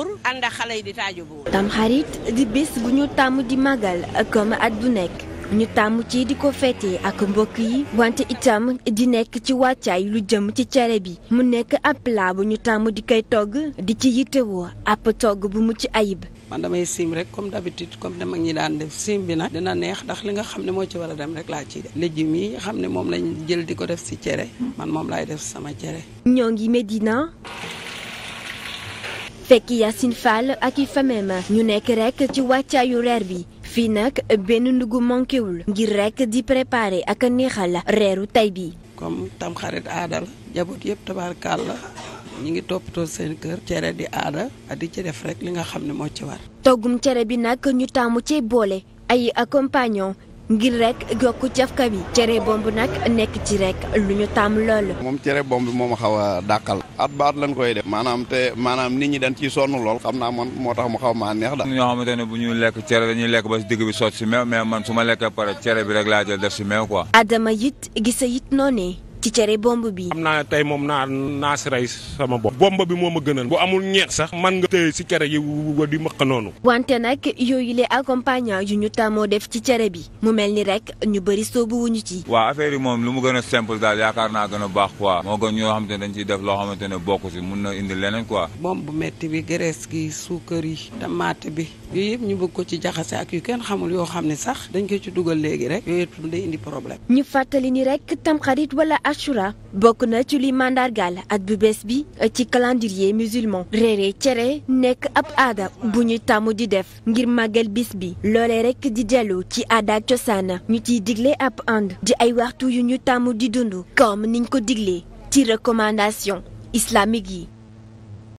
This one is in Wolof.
pour ànd ak yi di taaju bu tamxarit di bés bu ñu tàmm di màggal comme ak bu nekk ñu tàmm ci di ko feetee ak mbokk yi wante itam di nekk ci wàccaay lu jëm ci cere bi mu nekk ab plat bu ñu tàmm di koy togg di ci yittewoo ab togg bu mucc ayib man damay siim rek comme d'habitude comme dama ñi daan def siim bi nag dina neex ndax li nga xam ne moo ci war dem rek laa ci def légumes yi xam ne moom lañ jël di ko def si cere man moom laay def sama cere ñoo ngi Medina fekk Yacine Fall ak i famem ñu nekk rek ci wàccaayu reer bi fii nag benn ndugu manquéwul ngir rek di préparer ak neexal reeru tey bi comme tamxarit aada la jaboot yëpp tabaarkàlla ñi ngi toppatoo seen kër cere di aada di ci def rek li nga xam ne moo ci war. toggum cere bi nag ñu taamu ci boole ay accompagnant ngir rek yokk cafka bi cere bomb nag nekk ci rek lu ñu tàmm lool. moom cere bomb bi moom xaw a dàqal. at baat lañ koy def. maanaam te maanaam nit ñi dañ ci sonn lool xam naa man moo tax mu xaw maa neex da ñoo xamante ne bu ñuy lekk cere dañuy lekk ba si digg bi sotti si meew mais man su ma lekkee pare cere bi rek laa jël def si meew quoi. Adama it gisa it noonee. ci cere bomb bi. xam naa tey moom naa naa si rey sama bopp. bomb bi moo ma gënal. bu amul ñeex sax man nga tëye si cere yi di mëq noonu. wante nag yooyu les accompagnants yu ñu def ci cere bi mu mel ni rek ñu bëri soobu wuñu ci. waa affaire yi moom lu mu gën a simple daal yaakaar naa gën baax quoi. moo gën ñoo xamante ne dañ ciy def loo xamante ne bokk si mun na indi leneen quoi. moom bu métti bi graisse gi suukar yi tamaate bi yooyu yëpp ñu bëgg ko ci jaxase ak yu kenn xamul yoo xam ne sax dañ koy ci dugal léegi rek yooyu yëpp day indi problème. ñu fàttali ni rek tamxarit Ashura bokk na ci li mandargaal at bu bees bi ci calendrier musulman reere cere nekk ab aada bu ñuy tàmm di def ngir màggal bis bi loolee rekk di dellu ci aada ak cosaan ñu ciy digle ab ànd di ay waxtu yu ñu tàmm di dund comme niñ ko diglee ci recommandation islamique yi